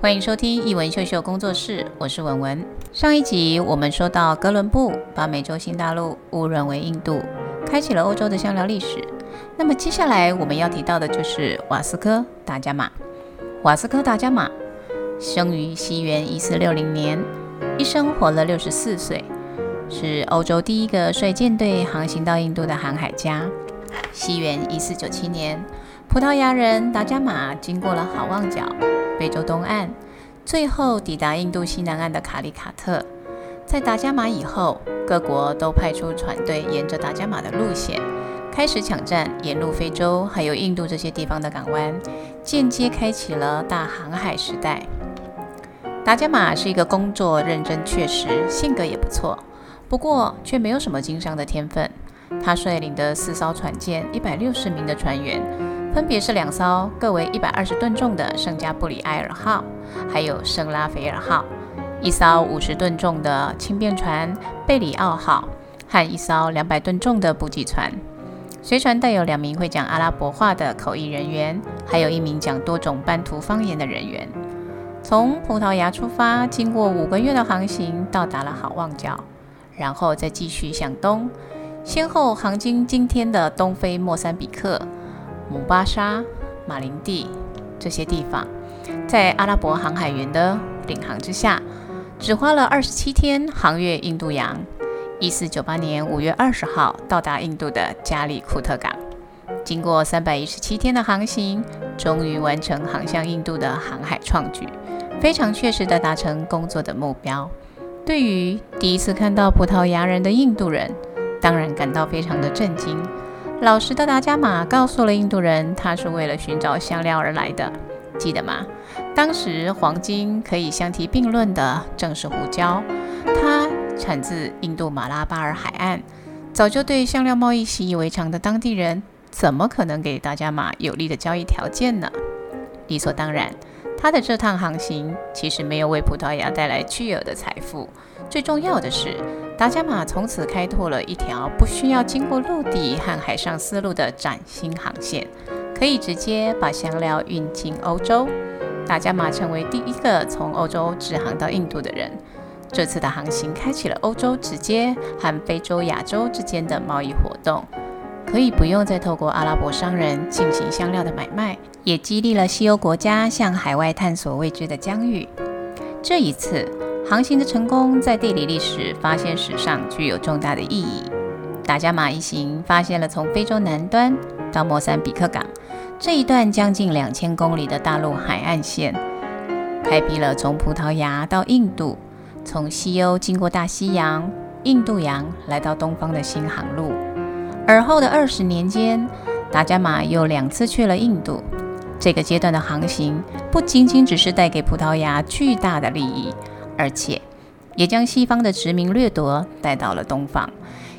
歡迎收聽一文秀秀工作室，我是文文。上一集我們說到哥倫布把美洲新大陸誤認為印度，開啟了歐洲的香料歷史。那麼接下來我們要提到的就是瓦斯科·達伽馬。瓦斯科·達伽馬生於西元一四六零年，一生活了六十四歲，是歐洲第一個率艦隊航行到印度的航海家。西元一四九七年，葡萄牙人達伽馬經過了好望角。非洲東岸，最後抵達印度西南岸的卡利卡特。在達伽馬以後，各國都派出船隊，沿着達伽馬的路線，開始搶占沿路非洲還有印度這些地方的港灣，間接開啟了大航海時代。達伽馬是一個工作認真確實，性格也不錯，不過卻沒有什麼經商的天分。他率領的四艘船艦，一百六十名的船員。分別是兩艘各為一百二十噸重的聖加布裡埃爾號，還有聖拉斐爾號，一艘五十噸重的輕便船貝裡奧號，和一艘兩百噸重的補給船。隨船帶有兩名會講阿拉伯話的口譯人員，還有一名講多種班圖方言的人員。從葡萄牙出發，經過五個月的航行，到達了好望角，然後再繼續向東，先後航經今天的東非莫桑比克。姆巴沙、馬林蒂這些地方，在阿拉伯航海員的領航之下，只花了二十七天航越印度洋。一四九八年五月二十號到達印度的加利庫特港，經過三百一十七天的航行，終於完成航向印度的航海創舉，非常確實地達成工作的目標。對於第一次看到葡萄牙人的印度人，當然感到非常的震驚。老實的達伽馬告訴了印度人，他是為了尋找香料而來的，記得嗎？當時黃金可以相提並論的正是胡椒，它產自印度馬拉巴爾海岸。早就對香料貿易習以為常的當地人，怎麼可能給達伽馬有利的交易條件呢？理所當然。他的這趟航行其實沒有為葡萄牙帶來巨額的財富，最重要的是，達伽瑪從此開拓了一條不需要經過陸地和海上絲路的嶄新航線，可以直接把香料運進歐洲。達伽瑪成為第一個從歐洲直航到印度的人。這次的航行開啟了歐洲直接和非洲、亞洲之間的貿易活動。可以不用再透過阿拉伯商人進行香料的買賣，也激勵了西歐國家向海外探索未知的疆域。這一次航行的成功在地理歷史發現史上具有重大的意義。達伽馬一行發現了從非洲南端到莫桑比克港這一段將近兩千公里的大陸海岸線，開闢了從葡萄牙到印度、從西歐經過大西洋、印度洋來到東方的新航路。而後的二十年間，達伽馬又兩次去了印度。這個階段的航行不僅僅只是帶給葡萄牙巨大的利益，而且也將西方的殖民掠奪帶到了東方。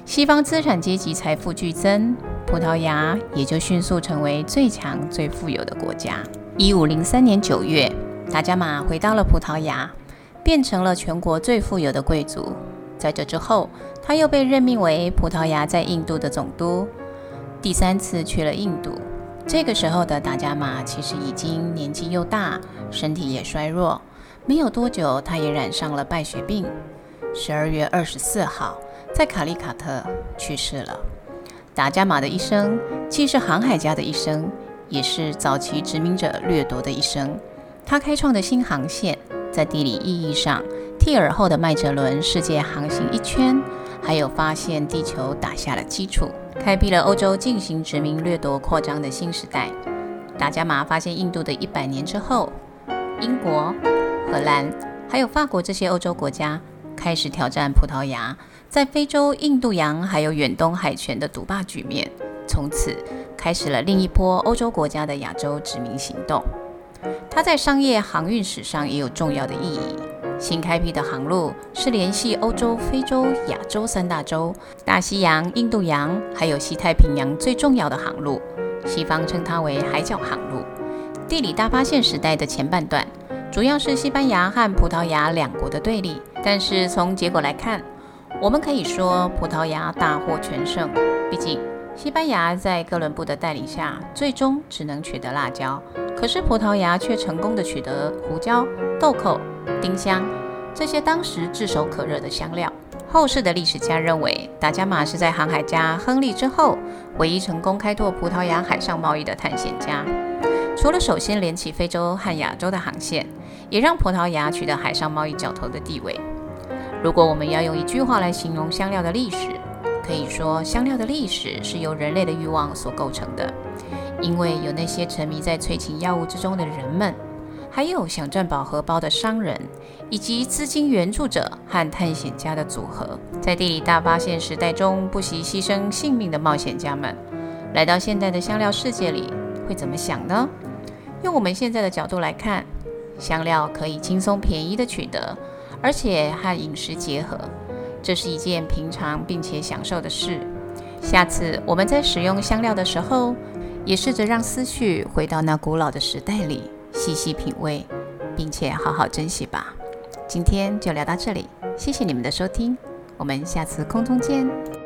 西方資產階級財富劇增，葡萄牙也就迅速成為最強最富有的國家。一五零三年九月，達伽馬回到了葡萄牙，變成了全國最富有的貴族。在這之後，他又被任命為葡萄牙在印度的總督，第三次去了印度。這個時候的達伽馬其實已經年紀又大，身體也衰弱。沒有多久，他也染上了敗血病。十二月二十四號，在卡利卡特去世了。達伽馬的一生，既是航海家的一生，也是早期殖民者掠奪的一生。他開創的新航線，在地理意義上，替爾後的麥哲倫世界航行一圈。還有發現地球打下了基礎，開闢了歐洲進行殖民掠奪擴張的新時代。達伽馬發現印度的一百年之後，英國、荷蘭還有法國這些歐洲國家開始挑戰葡萄牙，在非洲、印度洋還有遠東海權的獨霸局面，從此開始了另一波歐洲國家的亞洲殖民行動。它在商業航運史上也有重要的意義。新開闢的航路是聯繫歐洲、非洲、亞洲三大洲、大西洋、印度洋，還有西太平洋最重要的航路。西方稱它為“海角航路”。地理大發現時代的前半段，主要是西班牙和葡萄牙兩國的對立。但是從結果來看，我們可以說葡萄牙大獲全勝。畢竟，西班牙在哥倫布的帶領下，最終只能取得辣椒，可是葡萄牙卻成功地取得胡椒、豆蔻。丁香、這些當時炙手可熱的香料。後世的歷史家認為，達伽馬是在航海家亨利之後，唯一成功開拓葡萄牙海上貿易的探險家。除了首先連起非洲和亞洲的航線，也讓葡萄牙取得海上貿易角頭的地位。如果我們要用一句話來形容香料的歷史，可以說香料的歷史是由人類的慾望所構成的，因為有那些沉迷在催情藥物之中的人們。還有想賺飽荷包的商人，以及資金援助者和探險家的組合，在地理大發現時代中不惜犧牲性命的冒險家們，來到現在的香料世界裡，會怎麼想呢？用我們現在的角度來看，香料可以輕鬆便宜地取得，而且和飲食結合，這是一件平常並且享受的事。下次我們在使用香料的時候，也試着讓思緒回到那古老的時代裡。細細品味，並且好好珍惜吧。今天就聊到這裡，謝謝你們的收聽，我們下次空中見。